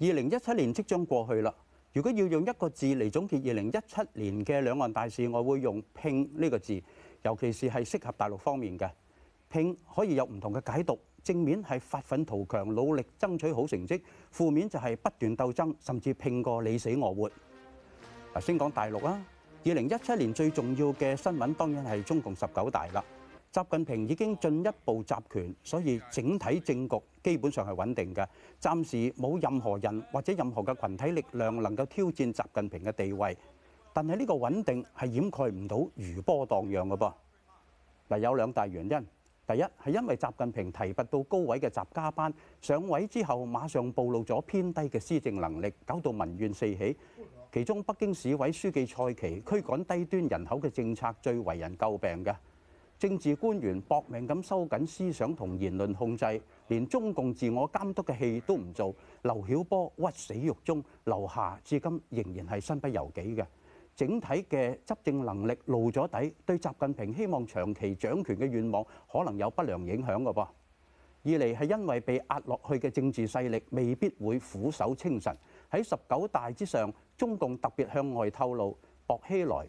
2017年即將過去啦，如果要用一個字嚟總結2017年嘅兩岸大事，我會用拼呢個字，尤其係適合大陸方面嘅。拼可以有唔同嘅解讀，正面係發奮圖強，努力爭取好成績，負面就係不斷鬥爭，甚至拼過你死我活。嗱，先講大陸啊2017年最重要嘅新聞當然係中共習近平已經進一步集權，所以整體政局基本上係穩定嘅。暫時冇任何人或者任何嘅羣體力量能夠挑戰習近平嘅地位。但係呢個穩定係掩蓋唔到餘波盪漾嘅噃。嗱，有兩大原因。第一係因為習近平提拔到高位嘅習家班上位之後，馬上暴露咗偏低嘅施政能力，搞到民怨四起。其中北京市委書記蔡奇驅趕低端人口嘅政策最為人詬病嘅。政治官員搏命咁收緊思想同言論控制，連中共自我監督嘅戲都唔做。劉曉波屈死獄中，劉霞至今仍然係身不由己嘅。整體嘅執政能力露咗底，對習近平希望長期掌權嘅願望可能有不良影響嘅噃。二嚟係因為被壓落去嘅政治勢力未必會俯首稱臣。喺十九大之上，中共特別向外透露薄熙來、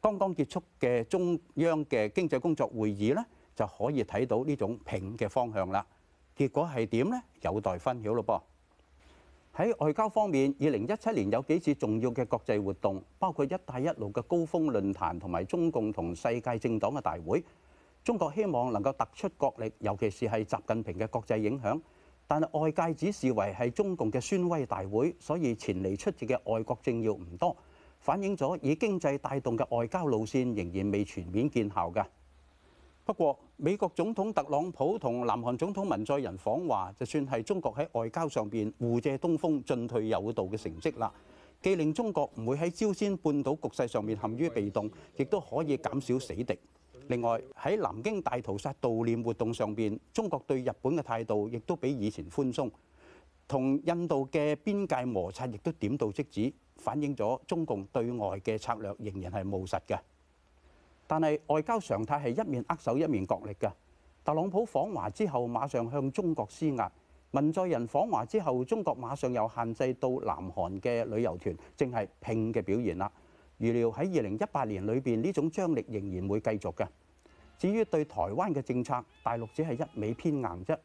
剛剛結束嘅中央嘅經濟工作會議呢，就可以睇到呢種平嘅方向啦。結果係點呢？有待分曉咯噃。喺外交方面，二零一七年有幾次重要嘅國際活動，包括一帶一路嘅高峰論壇同埋中共同世界政黨嘅大會。中國希望能夠突出國力，尤其是係習近平嘅國際影響，但係外界只視為係中共嘅宣威大會，所以前嚟出席嘅外國政要唔多。反映咗以經濟帶動嘅外交路線仍然未全面見效㗎。不過，美國總統特朗普同南韓總統文在寅訪華，就算係中國喺外交上邊互借東風、進退有道嘅成績啦，既令中國唔會喺朝鮮半島局勢上邊陷於被動，亦都可以減少死敵。另外喺南京大屠殺悼念活動上邊，中國對日本嘅態度亦都比以前寬鬆。同印度嘅邊界摩擦亦都點到即止，反映咗中共對外嘅策略仍然係務實嘅。但係外交常態係一面握手一面角力嘅。特朗普訪華之後，馬上向中國施壓；文在寅訪華之後，中國馬上又限制到南韓嘅旅遊團，正係拼嘅表現啦。預料喺二零一八年裏邊呢種張力仍然會繼續嘅。至於對台灣嘅政策，大陸只係一味偏硬啫。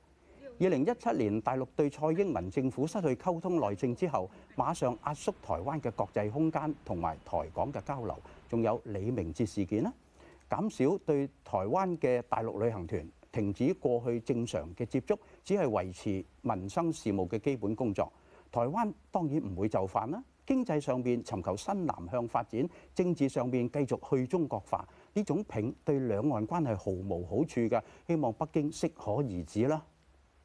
二零一七年大陸對蔡英文政府失去溝通耐性之後，馬上壓縮台灣嘅國際空間同埋台港嘅交流，仲有李明哲事件啦，減少對台灣嘅大陸旅行團，停止過去正常嘅接觸，只係維持民生事務嘅基本工作。台灣當然唔會就範啦，經濟上邊尋求新南向發展，政治上邊繼續去中國化，呢種拼對兩岸關係毫無好處嘅，希望北京適可而止啦。